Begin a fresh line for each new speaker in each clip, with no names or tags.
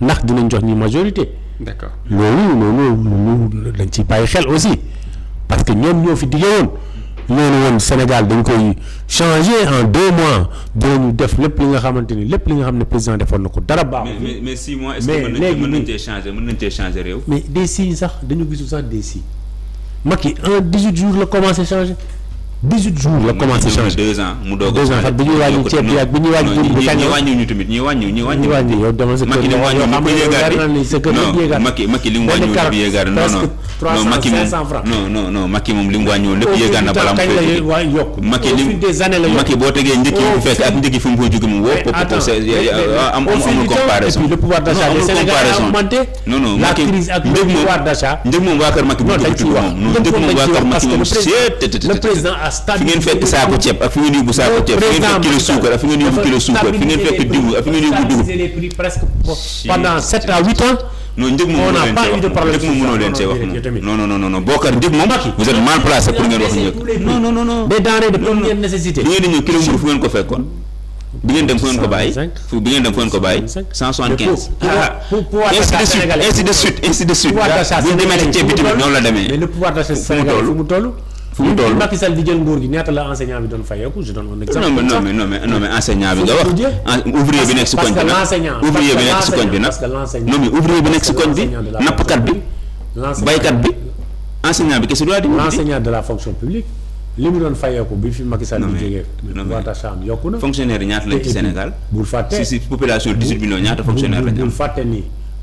ndax dinañ jox ñi majorité. d'accord loolu loolu dañ ciy bàyyi xel aussi parce que ñoom ñoo fi dige woon ne woon Sénégal dañ koy changer en deux mois dinañu def lépp li nga xamante ni lépp li nga xam ne président defoon na ko dara baaxul. mais
mais six mois est-ce que mën nañ cee changer mën nañ cee changer réew.
mais des si sax dañu gisul sax des si Macky en dix-huit la commencé changer. dix-huit jours la commencé changé deux
ans mu doog a lépp yéegaat non non
non boo tegee njëkk yi fekk ak
njëkk fu mu koy euh, am amul comparaison le pouvoir d'achat des Sénégalais a moom waa kër Macky moom ndëg moom waa kër Macky moom à fi ngeen fekk saako ceeb ak fi ngeen yóbbu saako ceeb fi ngeen fekk kilo suukar ak fi ngeen yóbbu kilo suukar fi ngeen fekk diw ak fi ngeen yóbbu dugub
les moom mënoo leen cee wax
non non non non Bokar njëg moom vous mal placé pour ngeen wax njëg
bi ngeen di ñëw
kilo mburu fu ngeen ko fekkoon bi ngeen dem fu ngeen ko bàyyi fu bi ngeen dem fu ngeen ko bàyyi cent soixante-quinze
ah, ainsi de suite ainsi de suite bu demee ci ceeb bi tamit noonu fu mu toll Macky Sall di jël nguur gi ñaata la enseignant bi doon fayeeku je donne un exemple.
non mais
si koñ bi nag parce que l'enseignant ouvrier bi nekk si koñ bi nag non mais bi nekk si bi nappkat bi di. l'enseignant de mu doon fayeeku bi fi Macky di jógee. non mais yokku na.
fonctionnaire yi ñaata lañ ci Sénégal.
bul fàtte si si population 18 millions ñaata fonctionnaire lañ am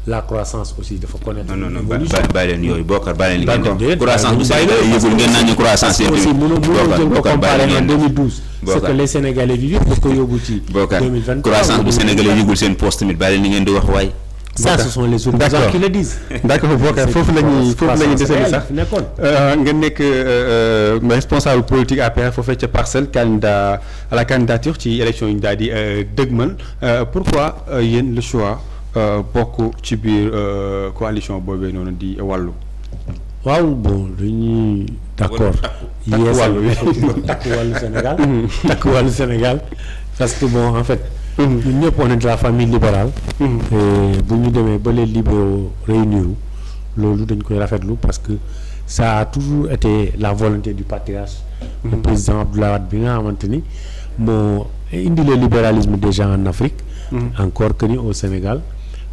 la croissance aussi dafa connaître. non non bàyyi leen yooyu bokkar bàyyi leen li ngeen croissance bu Sénégal yëgul ngeen naan ñu croissance yëpp aussi mënoo mënoo ko comparer en 2012 ce que les Sénégalais vivent daf ko yóbbu ci 2023 croissance bu Sénégalais
yëgul seen poste tamit bàyyi leen li ngeen di wax waay
ça ce sont les opposants qui le disent d'accord Bokar foofu la ñuy foofu la ñuy desandi sax euh, nga nekk euh, euh, responsable politique APR foofee ca parcelle candidat à la candidature ci élection yi ñu daal di dëgmal pourquoi yéen le choix Euh, bokk ci biir euh, coalition boobee noonu di wàllu. waaw bon
dañuy d'accord yeesal takk wàllu Sénégal mhm. takk wàllu Sénégal parce que bon en fait mhm. ñun ñëpp on de la famille libérale mhm. bu ñu demee ba les libéraux loolu dañ koy rafetlu parce que sa a toujours été la volonté du patriarche le président Abdoulaye Wade bi nga xamante ni moo indi le libéralisme déjà en Afrique encore que ni au Sénégal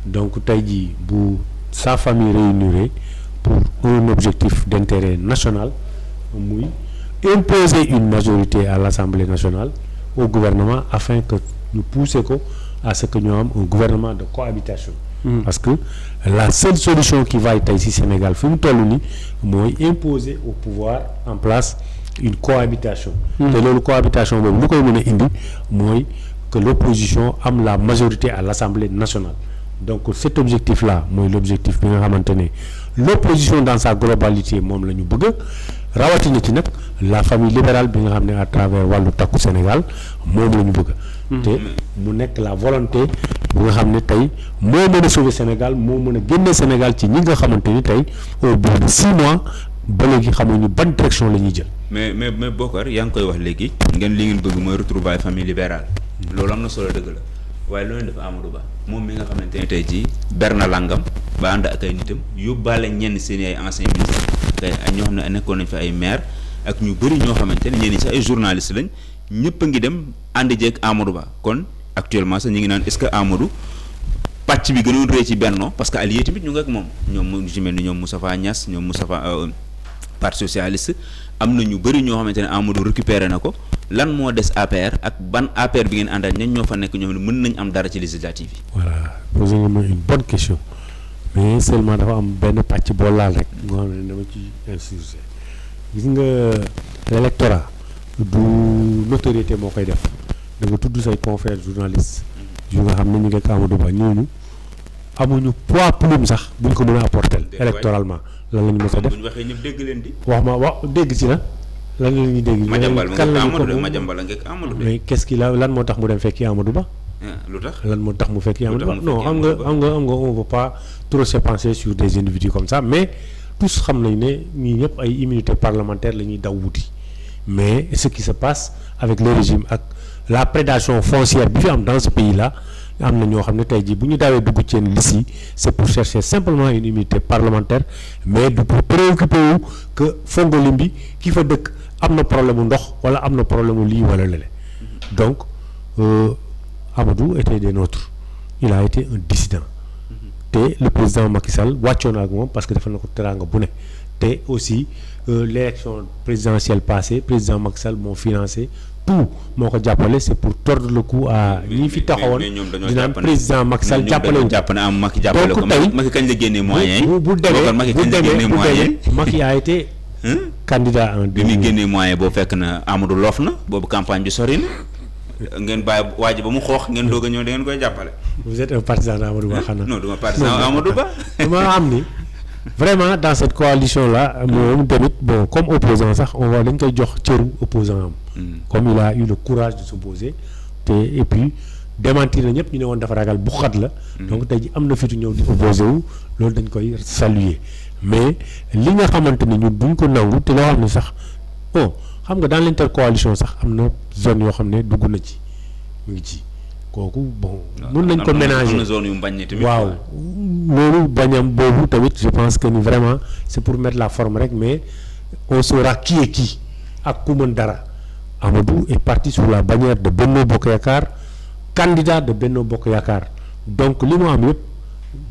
donc tey jii bu sa famille réunirée pour un objectif d'intérêt national muy imposer une majorité à l'Assemblée nationale au gouvernement afin que ñu pousser ko à ce que ñu am un gouvernement de cohabitation hmm. parce que la seule solution qui vaille tey si Sénégal fi mu toll ni mooy imposer au pouvoir en place une cohabitation hmm. te loolu cohabitation boobu lu koy mën a indi mooy que l'opposition am la majorité à l'Assemblée nationale donc cet objectif là mooy l' objectif bi nga xamante ne l' opposition dans sa globalité moom la ñu bëgg rawatina ci nag la famille libérale bi nga xam ne à travers wàllu takku Sénégal moom la bëgg. Mm-hmm. te mu nekk la volonté bu nga xam ne tey moo mën a sauver Sénégal moo mën a génne Sénégal ci ñi nga xamante ni tey au bout de six mois ba léegi xamuñu ban direction la ñuy jël.
mais mais mais Bokar yaa ngi koy wax léegi. ngeen li ngeen bëgg mooy retrouvaille famille libérale. Mm-hmm. loolu am na solo dëgg la. waaye loolu dafa Amadou Ba moom mi nga xamante ne tey jii ber na langam ba ànd ak ay nitam yóbbaale ñenn seen ay ancien ministre ak ñoo xam ne nekkoon nañ fa ay maire ak ñu bëri ñoo xamante ne ñenn ñi sax ay journaliste lañ ñëpp ngi dem ànd jeeg Amadou kon actuellement sax ñu ngi naan est-ce que Amadou pàcc bi gënoon rëy ci Benno parce que allié tamit ñu ngi moom ñoom mu ci mel ni ñoom Moustapha Niasse ñoom Moustapha euh, parti socialiste am na ñu bëri ñoo xamante ne Amadou récupéré na ko lan moo des APR ak ban APR bi ngeen àndal ñan ñoo fa nekk ñoom ne mën nañ am dara ci législative yi.
voilà posé nga ma une bon question mais seulement dafa am benn pàcc boo laal rek moo xam ne dama ci insurgé gis nga l'électorat du notoriété moo koy def da tudd say confrères journalistes mm-hmm. yu nga xam ne ñu ngi Amadou Ba ñooñu amuñu poids plume sax buñ ko mën a apporter électoralement lan la ñu mën a def wax ma wax dégg ci na lan la ñuy dégg. Madiambal mu ngi a ngi Amadou de. moo tax mu dem fekki Amadou Ba. Ah, lu tax moo tax mu fekki Amadou Ba non xam nga xam nga xam nga on veut pas trop se pencher sur des individus comme ça mais tous xam nañ ne ñii ñëpp ay immunité parlementaire la ñuy daw wuti mais ce qui se passe avec le régime ak la prédation foncière bi fi am dans ce pays là. am na ñoo xam ne tey jii bu ñu daawee dugg ci liste yi c'est pour chercher simplement une immunité parlementaire mais du pour préoccuper wu bi ki fa dëkk am na problème mu ndox wala am na problème mu lii wala lële donc euh, Amadou était des nôtres il a été un dissident te le président Macky wàccoon ak moom parce que defal na ko teraanga bu ne te aussi euh, l'élection présidentielle passée président Macky Sall moo financé tout moo ko jàppale c' est pour tordre le cou à ñi fi taxawoon dinaan président Macky Sall jàppale wu donc tey Macky kañ la génnee moyen yi bu demee bu demee bu demee Macky a été candidat en
bi muy génnee moyen boo fekk na Amadou loof na boobu campagne bi sori na ngeen bàyyi waa ba mu xoox ngeen doog a ñëw da koy jàppale
vous êtes un partisan Amadou Ba xanaa
non du ma partisan Ba
dama am ni vraiment dans cette coalition la moom mm. tamit bon comme opposant sax on dañ koy jox cëru opposant am mm. comme il a eu le courage de s'opposer te et puis démentir na ñëpp ñu ne woon defar ragal bu xat la mm. donc tey ji am na fitu ñëw di opposé wu loolu dañ koy saluer mais li nga xamante ni ñun duñ ko nangu te loo xam ne sax bon xam nga dans l'intercoalition sax am na zone yoo xam ne dugg na ci mu ngi ci kooku bon. Ah, mun nañ ko ménager waaw loolu bañam boobu tamit je pense que ni vraiment c'est pour mettre la forme rek mais on saura kii est ak ku mën dara du et parti sous la bannière de Benno Bokk Yaakaar candidat de Benno Bokk Yaakaar donc li mu am yëpp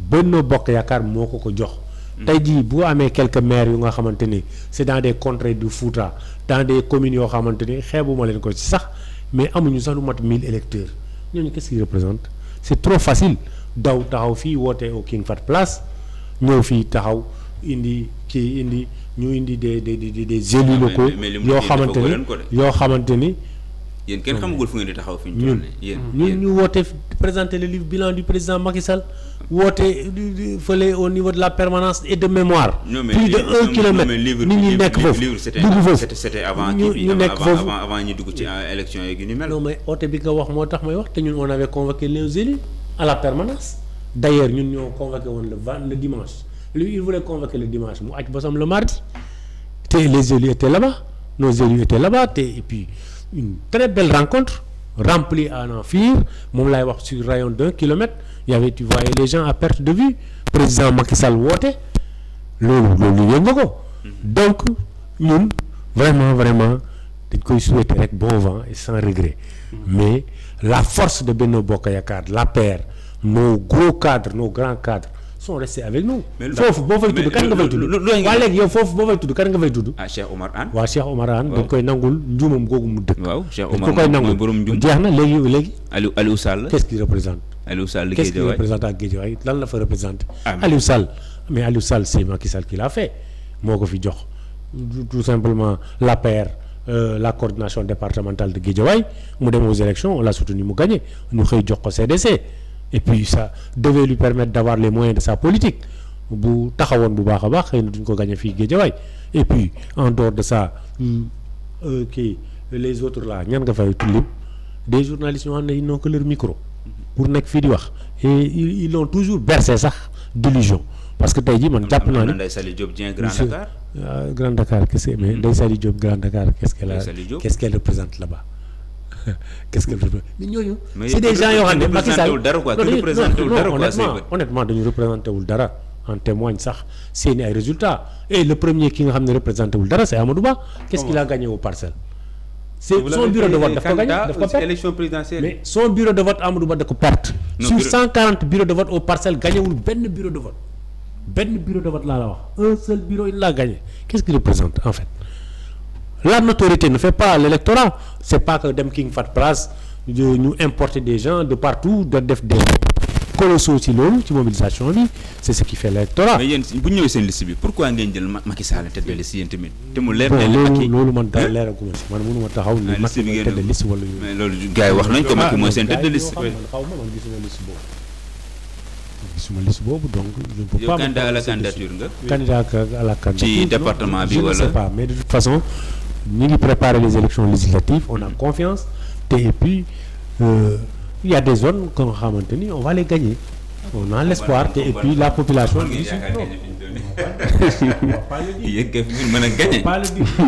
Benno Bokk Yaakaar moo ko ko jox. Mm. tey jii boo amee quelques maire yu nga xamante ni c'est dans des contrées du Fouta dans des communes yoo xamante ni xeebuma leen ko ci sax mais amuñu sax lu mat 1000 électeurs. ñooñu qu'est-ce qu'ils représentent c'est trop facile daw taxaw fii woote au King Fahd Place ñëw fii taxaw indi kii indi ñu indi des des des des élus ah, locaux yoo xamante ni yoo xamante ni. yéen kenn xamagul fu ngeen di taxaw fi ñu. ñun ñun ñu woote présenter le livre bilan du président Macky Sall. woote fële au niveau de la permanence et de mémoire. plus de un nit ñi nekk foofu dugg
foofu ñu nekk foofu avant ñu dugg ci euh, élection yeeg yu ni mel. non
mais oote bi nga wax moo tax may wax te ñun on avait convoqué les élus à la permanence d'ailleurs ñun ñoo convoqué woon le vingt le dimanche lui il voulait convoquer le dimanche mu aj bosam le mardi te les élus étaient là-bas nos élus étaient là te et puis une très belle rencontre. rempli à n'en finir moom laay wax sur rayon d'un kilomètre y avait tu voyais les gens à perte de vue président Macky Sall woote loolu loolu yëngu ko donc ñun vraiment vraiment dañ koy souhaiter rek bon vent e sans regret mais la force de Benno Bokk Yakaar l'APR nos gros cadres nos gran cadres sont restés avec nous. foofu boo fay tudd kan nga fay tudd. waa léegi yow foofu boo fay tudd kan nga fay tudd. ah Cheikh Omar Anne. waaw Cheikh Omar Anne dañ koy nangul njuumam googu mu dëkk. waaw Cheikh koy nangul jeex na léegi
léegi. Aliou Aliou Sall. qu'est-ce qu'il représente. Aliou Sall qu'est-ce qu'il représente
lan la fa représente. Ah, Aliou Sall mais Aliou Sall c'est Macky Sall qui l'a fait moo ko fi jox tout simplement la paire. Euh, la coordination départementale de Guédiawaye mu dem aux élections on l'a soutenu mu gagné jox ko et puis ça devait lui permettre d'avoir les moyens de sa politique bu taxawoon bu baax a baax xëy na duñ ko gagné fii Guédiawaye et puis en dehors de ça euh, euh, kii les autres là ñan nga fay tullim des journalistes ñoo xam ne ils n'ont que micro pour nekk fii di wax et ils toujours bercé sax d'illusion parce que tey jii man jàpp naa ne Ndeye Saly Diop Dieng Grand Dakar euh, Grand Dakar qu'est-ce que mais Ndeye Saly a qu'est-ce qu'elle représente là qu'est-ce que mais ñooñu. c'est des gens yoo xam ne Macky Sall honnêtement dañu représenté dara en témoigne sax seeni ay résultats le premier ki nga xam ne représenté wul dara c'est Amadou Ba. qu'est-ce qu'il a gagné aux parcelles. c'est son bureau de vote daf ko gagné daf ko perte mais bureau de vote Amadou Ba da ko perte. sur 140 bureaux de vote aux parcelles gagné benn bureau de vote benn bureau de vote laa la wax un seul bureau il l'a gagné qu'est-ce représente en fait. la notoriété ne fait pas l'électorat c'est pas que dem ki nga fat place ñu importer des gens de partout da def des colossaux ci loolu ci mobilisation bi c'est ce qui fait l'électorat
bu ñëwee seen liste bi pourquoi ngeen jël Macky Sall tête de liste yéen tamit
te mu leer loolu loolu man dara si man mënuma taxaw ni ah, Macky mooy tête de liste wala mais wax nañ ko Macky mooy seen tête de boobu gisuma liste boobu donc je ne peux pas candidat à la candidature nga ci département bi wala ñu ngi préparer les élections législatives on a mm-hmm. confiance te et puis euh, il y a des zones que nga xamante ni on va les gagner on a l'espoir te et puis la population. di suñu
mën a gagner.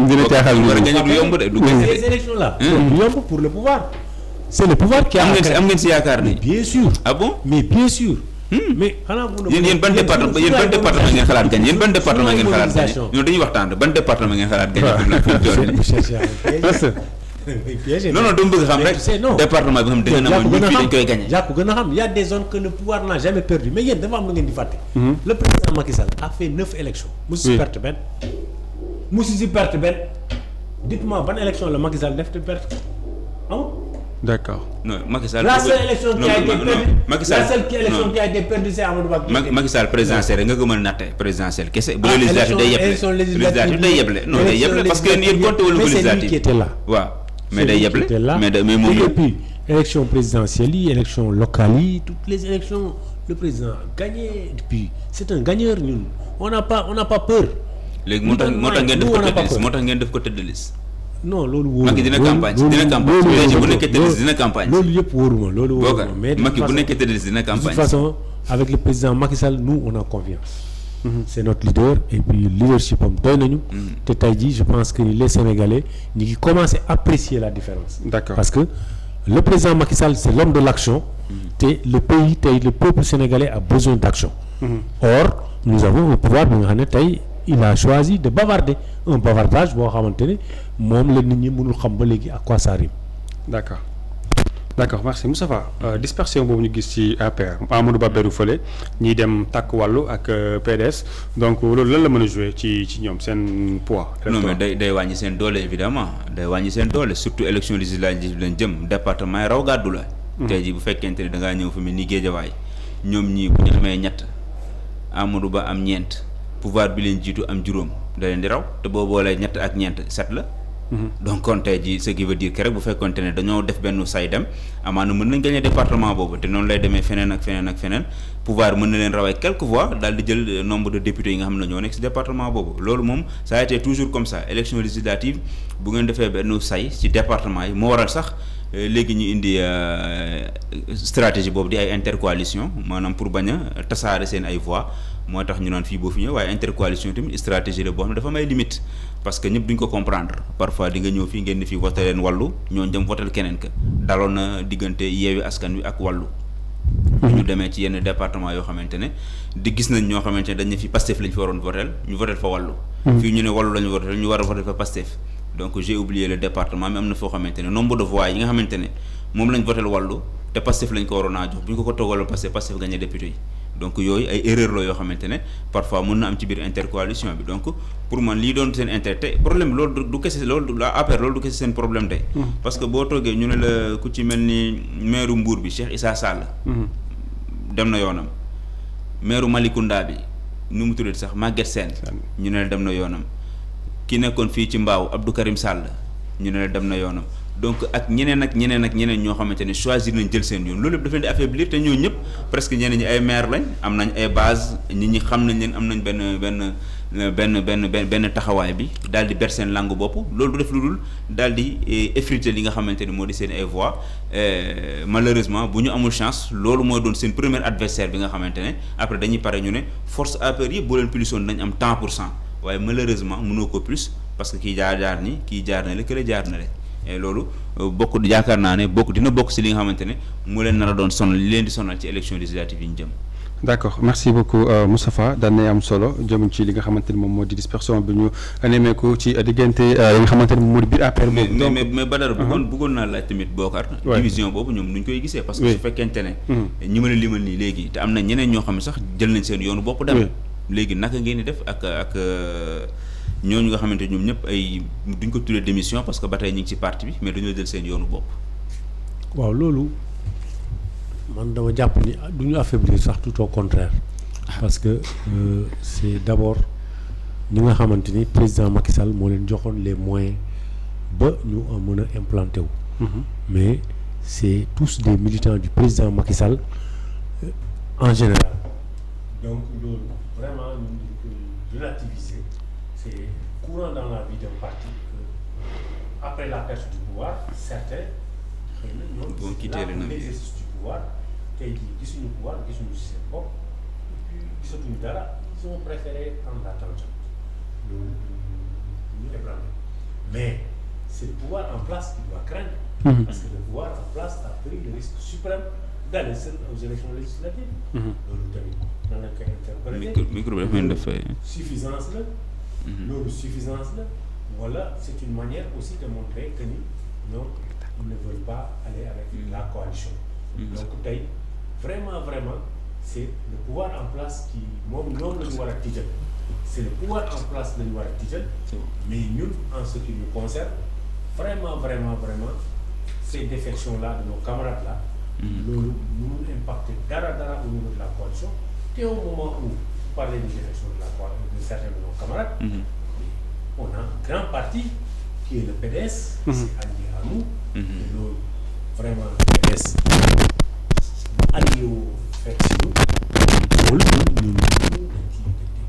dina caaxaan ñu du yomb de du ces yomb
pour le pouvoir. c'est le pouvoir qui a. am ngeen si yaakaar ni bien sûr. mais bien sûr. Ah Hmm. mais xanaa mun na. yéen ban département yéen ban département ngeen xalaat gañ yéen ban département ngeen xalaat gañ
ñun dañuy waxtaan ban département ngeen xalaat gañ.
non non dama rek département bi xam da ngeen a amoon ñun gën a xam y a des zones que le jamais perdu mais yéen dafa am lu ngeen di fàtte. Mm-hmm. le président Macky Sall fait neuf élections. mosu si perte benn. mosu si perte benn. dites ban élection la Macky Sall def
d'accord non Macky Sall. la a été perdue a
été perdue c'est Amadou Ba. Macky
Sall présidentiel rek nga ko mën a natte présidentiel kese. bu ah, législative day yeble élection législative day yeble non day yeble parce que yéen compte wala législative waaw mais day yeble mais day mais moom.
depuis élection présidentielle yi élection locale yi toutes les élections le président a gagné depuis c'est un gagneur ñun on n'a pas on n'a pas peur. léegi moo tax moo
tax ngeen def ko tëdd liste no loolu wóoruma Macky dina campagne dina campagne su loolu yëpp wóoruma mais de toute façon
avec le président Macky nous on a confiance mhm. c'est notre leader et leadership am doy nañu mhm. te tey jii je pense que les Sénégalais ñu ngi commencer apprécier la différence d'accord parce que le président Macky Sall c'est l'homme de l'action mhm. te le pays tey le peuple sénégalais a besoin d'action or nous avons un pouvoir bi nga xam ne tey il a choisi de bavarder un bavardage boo xamante ne moom la nit ñi mënul xam ba léegi à quoi ça rime.
d'accord d'accord merci Moustapha euh, dispersion boobu ñu gis ci APR Amadou Ba beru fële ñuy dem takk wàllu ak euh, PDS donc loolu lan la mën a jouer ci ci ñoom seen poids. non mais
day day wàññi seen doole évidemment day wàññi seen doole surtout élection législative lañ jëm département yi raw gàddu la. Hmm. tey jii bu fekkente ne da ñëw fi mu ni Géejawaay ñoom ñii bu ñett Amadou Ba am ñeent. pouvoir bi leen jiitu am juróom da di raw te boo boolee ñett ak ñeent set la. Mhm. donc kon tey jii ce qui veut rek bu fekkonte ne dañoo def benn say dem amaana mën nañ gagné département boobu te noonu lay demee feneen ak feneen ak feneen pouvoir mën na leen rawee quelques voix daal di jël euh, nombre de députés yi nga xam ne ñoo nekk ci département boobu loolu moom ça a été toujours comme ça élection législative bu ngeen defee benn say ci département yi moo waral sax euh, léegi ñu indi euh, stratégie boobu di ay intercoalition maanaam pour bañ a tasaare seen ay voix moo tax ñu naan fii boo fi ñëw waaye intercoalition tamit stratégie la boo xam ne dafa may limite parce que ñëpp duñ ko comprendre parfois di nga ñëw fii ngeen di fi voté wi ak wàllu. Mhm. ñu demee ci yenn département yoo xamante ne di gis nañ ñoo xamante ne dañu fi Pastef lañ fi waroon voté ñu voté fa wàllu. Mhm. fii ñu ne wàllu lañu voté ñu war a voté fa Pastef. donc j'ai oublié le département am na foo xamante ne nombre de voix yi nga xamante ne moom lañ voté donc yooyu ay erreur la yoo xamante ne parfois mun na am ci biir intercoalition bi donc pour man lii doon seen intérêt te problème loolu du kese loolu la APR loolu du kese seen problème tey. Mm-hmm. parce que boo toogee ñu ne la ku ci mel ni maire mbuur bi Cheikh Issa Sall. Mm-hmm. dem na yoonam maire Malicounda bi nu mu tuddati sax Maguette Sène ñu ne la dem na yoonam ki nekkoon fii ci Mbaaw Abdou Karim Sall ñu ne la dem na yoonam. donc ak ñeneen ak ñeneen ak ñeneen ñoo xamante ne choisir nañ jël seen yoon loolu yëpp dafa leen di affaiblir te ñoo ñëpp presque ñeneen ñi ay maire lañ am nañ ay base nit ñi xam nañ leen am nañ benn benn benn benn benn benn taxawaay bi daal di ber seen langue bopp loolu du def lu dul daal di eh, effriter li nga xamante ni moo di seen ay voix eh, malheureusement bu ñu amul chance loolu mooy doon seen premier adversaire bi nga xamante ne après dañuy pare ñu ne force APR yëpp boo leen plussoon nañ am 100 pour cent waaye malheureusement mënoo ko plus parce que kii jaar jaar ni kii jaar na le kële jaar na le et loolu euh, bokk yaakaar naa ne bokk dina bokk si li nga xamante ne mu leen nar a doon sonal leen di sonal ci élection législative yi ñu jëm.
d' accord merci beaucoup euh, Moustapha daan nay am solo jëm ci li nga xamante ni moom moo di dispersion bi ñu nemmeeku ci diggante yi euh, nga xamante ni moom moo di biir APR boobu. donc mais mais Badara. Uh-huh. bëggoon
bëggoon naa laaj tamit Bokar. division boobu ñoom ñu koy gisee. parce que su fekkente ne. Mm-hmm. ñi mën limal nii léegi te am na ñeneen ñoo xam ne sax jël nañ seen yoonu bopp dem. léegi naka ngeen di def ak ak. ñooñu nga xamante ñoom ñëpp ay duñ ko tuddee démission parce que ba tey ñu ngi ci parti bi mais dañoo jël seen yoonu bopp.
waaw loolu man dama jàpp ni du ñu affaiblir sax tout au contraire. parce que euh, c'est d'abord ñi nga xamante ni président Macky Sall moo leen joxoon les moyens ba ñu mën a implanté wu. Mm-hmm. mais c'est tous des militants du président Macky Sall euh, en général. c'est courant dans la vie d'un après la perte du pouvoir certains xëy na ñoom. vont quitter le l'exercice du pouvoir tey jii gisuñu pouvoir gisuñu seen bopp gisatuñu dara ils ont préféré prendre la tangente loolu ñu ébranlé mais c'est le pouvoir en place qui doit craindre. Mm-hmm. parce que le pouvoir en place a risque suprême d'aller seul aux élections législatives. Mm-hmm. loolu tamit nan lañ koy suffisance la. Mhm. loolu suffisance la wala c' est une manière aussi de montrer que ni ñoom ils ne veulent pas aller avec mhm. la coalition mhm. donc tey vraiment vraiment c' est le pouvoir en place qui moom ñoom la ñu war a est le pouvoir en place la ñu war a tijjal mais ñun en ce qui nous concerne vraiment vraiment vraiment ces défections là de nos dara dara au niveau de la coalition te au moment où par les directions de la part de certains de nos camarades. Mm -hmm. On a un grand parti qui est le PDS. Mm -hmm. C'est allié à nous. Mhm. te loolu vraiment PDS allié wu fekk si ñun loolu ñun ñun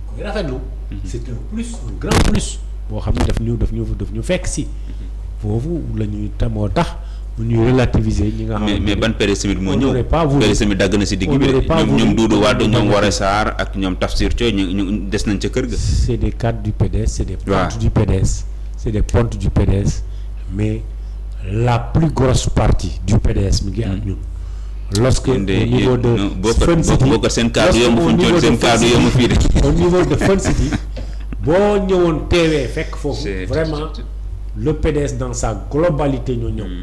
koy rafetlu. c'est un plus un grand plus. boo xam ne daf ñu daf ñu daf ñu fekk si. Mhm. foofu la ñuy tamoo tax. bu ñuy relativiser ñi nga. xam mais
mais ban période simili moo ñëw période simili dagg na ñoom ñoom Doudou Wade ñoom Woré des nañ ca kër ga.
des cadres du PDS c' est des. pontes du PDS mais la plus grosse partie du PDS mi ngi ak hmm. de. de. au niveau de Fun City boo ñëwoon teewee fekk foofu. vraiment le PDS dans sa globalité ñoo ñëw. Hmm.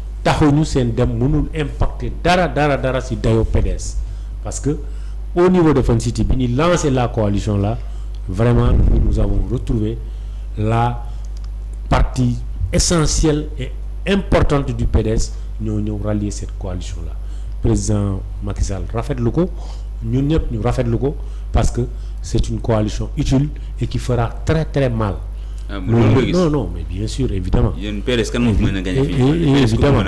taxuñu seen dem mënul impacter dara dara dara ci dayo PDS parce que au niveau de Fan bi ñu lancé la coalition la vraiment nous avons retrouvé la partie essentielle et importante du PDS ñoo ñëw rallier cette coalition la président Macky Sall rafetlu ko ñun ñëpp ñu rafetlu ko parce que c'est une coalition utile et qui fera très très mal Euh, loolu non non mais bien sûr évidemment. yéen PDS kan moo fi mën a gagné fii. évidemment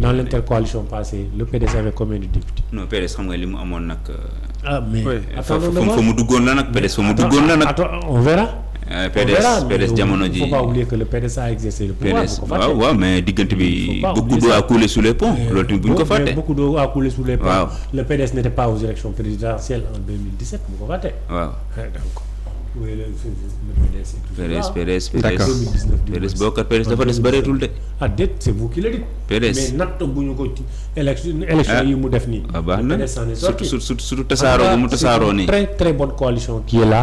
dans l'intercoalition passée le PDS avait combien de députés.
non PDS xam nga li mu amoon nag. Euh, ah mais attendons d'abord fa mu duggoon la nag PDS fa mu duggoon la nag. on verra.
Euh, PDS PDS jamono ji faut pas oublier que le PDS a exercé le pouvoir waaw waaw
mais diggante bi beaucoup d'eau a coulé sous les ponts loolu tamit bu ñu ko fàtte
beaucoup d'eau a coulé sous les ponts waaw le PDS n'était pas aux élections présidentielles en 2017 bu ko fàtte waaw eh, donc PDS PDS PDS PDS boo kat PDS dafa des bëreetul de. ah déet c'est vous qui le dites. PDS mais natt bu ñu ko ci élection yi mu def nii. ah baax tasaaroo mu tasaaroo nii. très très bonne coalition qui est là.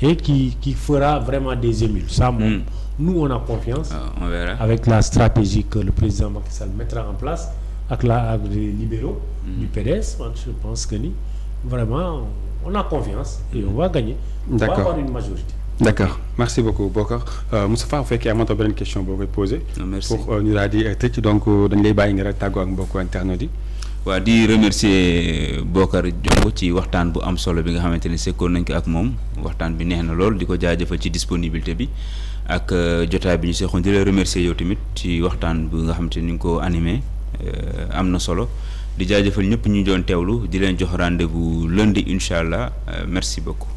et qui qui fera vraiment des émules. ça moom nous on a confiance. Ah, on verra avec la stratégie que le président Macky mettra en place ak la ak les hmm. du PDS je pense que ni vraiment. on a confiance
et on va gagner. on va avoir une majorité. d' accord merci beaucoup Bokar euh, Moustapha fekkee amatoo beneen question boo koy posé. merci pour euh, ñu daal di tëj donc dañ lay bàyyi nga rek tàggoo ak mbokku internet yi.
waaw di remercier Bokar Diongo ci waxtaan bu am solo bi nga xamante ne sekkoon nañ ko ak moom waxtaan bi neex na lool di ko jaajëfal ci disponibilité bi ak euh, jotaay bi ñu seexoon di la remercier yow tamit ci waxtaan bi nga xamante ni ñu ngi ko animé am na solo. di jaajëfal ñëpp ñu doon teewlu di leen jox rendez-vous lundi incha allah euh, merci beaucoup.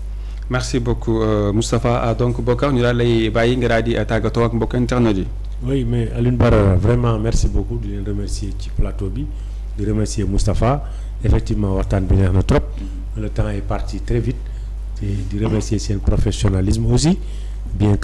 merci beaucoup euh, Moustapha ah, donc bokka ñu daal lay bàyyi nga daal di euh, tàggatoo ak mbokk internet yi. oui mais Alioune
Bara vraiment merci beaucoup di leen remercier ci plateau bi di remercier Moustapha effectivement waxtaan bi neex na trop le temps est parti très vite te di remercier seen professionnalisme aussi bien